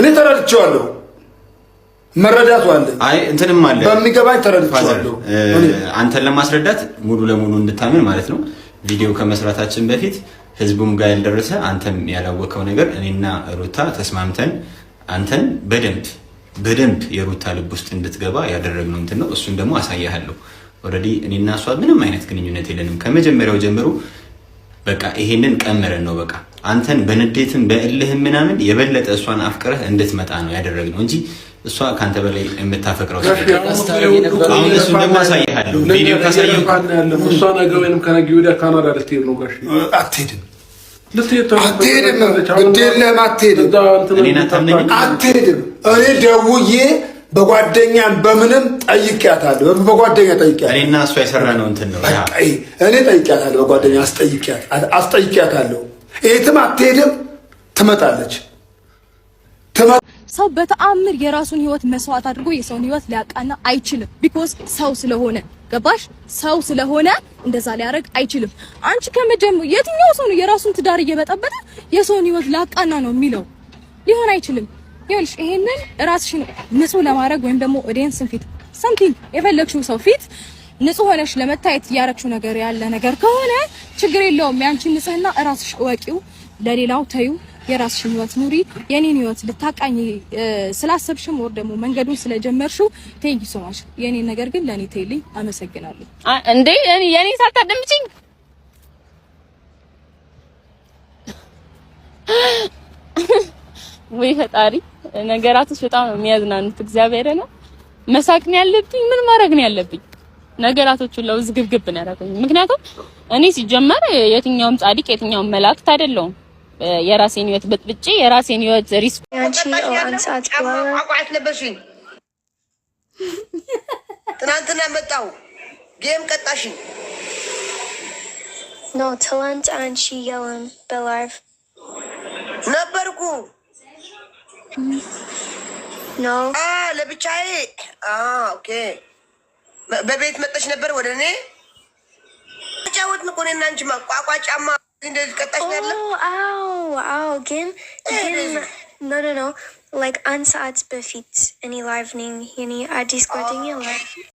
እኔ ተረድቼዋለሁ። መረዳቱ አለ። አይ እንትንም አለ በሚገባኝ ተረድቼዋለሁ። አንተን ለማስረዳት ሙሉ ለሙሉ እንድታምን ማለት ነው። ቪዲዮ ከመስራታችን በፊት ህዝቡም ጋር ያልደረሰ አንተም ያላወቀው ነገር እኔና ሩታ ተስማምተን አንተን በደንብ በደንብ የሩታ ልብ ውስጥ እንድትገባ ያደረግነው እንትን ነው። እሱን ደግሞ አሳያለሁ። ኦልሬዲ እኔና እሷ ምንም አይነት ግንኙነት የለንም ከመጀመሪያው ጀምሮ። በቃ ይሄንን ቀመረን ነው በቃ አንተን በንዴትም በእልህም ምናምን የበለጠ እሷን አፍቅረህ እንድትመጣ ነው ያደረግነው እንጂ እሷ ከአንተ በላይ የምታፈቅረው አሁን እሱ ደግሞ አሳይሃለሁ። ቪዲዮ ካሳየሁ እሷ ነገ ወይም ከነገ ወዲያ ካናዳ ልትሄድ ነው። ጋሽ አትሄድም፣ እኔ ደውዬ በጓደኛም በምንም ጠይቂያታለሁ፣ በጓደኛ ጠይቂያት እኔና እሷ የሰራነው እንትን ነው። እኔ ጠይቂያታለሁ፣ በጓደኛ አስጠይቂያታለሁ የትም አትሄድም፣ ትመጣለች። ሰው በተአምር የራሱን ህይወት መስዋዕት አድርጎ የሰውን ህይወት ሊያቃና አይችልም። ቢኮዝ ሰው ስለሆነ ገባሽ? ሰው ስለሆነ እንደዛ ሊያደርግ አይችልም። አንቺ ከመጀመሩ የትኛው ሰው ነው የራሱን ትዳር እየበጠበጠ የሰውን ህይወት ሊያቃና ነው የሚለው? ሊሆን አይችልም። ይኸውልሽ ይሄንን ራስሽን ንጹህ ለማድረግ ወይም ደግሞ ኦዲየንስን ፊት ሰምቲንግ የፈለግሽው ሰው ፊት ንጹህ ሆነሽ ለመታየት እያረግሽው ነገር ያለ ነገር ከሆነ ችግር የለውም። ያንቺን ንጽህና እራስሽ እወቂው፣ ለሌላው ተዩ፣ የራስሽን ህይወት ኑሪ። የኔን ህይወት ልታቃኝ ስላሰብሽም ወር ደግሞ መንገዱን ስለጀመርሽው ቴንኪ ማች። የኔን ነገር ግን ለኔ ተይልኝ። አመሰግናለሁ። እንዴ የኔ ሳታደምጪኝ ወይ ፈጣሪ፣ ነገራቶች በጣም የሚያዝናኑት። እግዚአብሔር ነው መሳቅ ያለብኝ? ምን ማድረግ ያለብኝ? ነገራቶቹን ለውዝግብግብ ነው ያደረገኝ። ምክንያቱም እኔ ሲጀመር የትኛውም ጻድቅ የትኛውም መላእክት አይደለሁም። የራሴን ህይወት በጥብጬ የራሴን ህይወት ሪስክ ትናንትና መጣው ጌም ቀጣሽ ኖ ትናንት አንቺ የውን በላይቭ ነበርኩ ኖ ለብቻዬ ኦኬ በቤት መጠች ነበር ወደ እኔ ጫወት ነው እና አንቺ ማቋቋ ጫማ እንደዚህ ቀጣሽ ያለ አዎ አዎ። ግን ግን ኖ ኖ ኖ ላይክ አንድ ሰዓት በፊት እኔ ላይቭ ነኝ የኔ አዲስ ጓደኛ ላይ